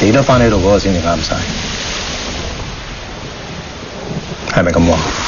理得返呢度嗰個先至啱曬，係咪咁？是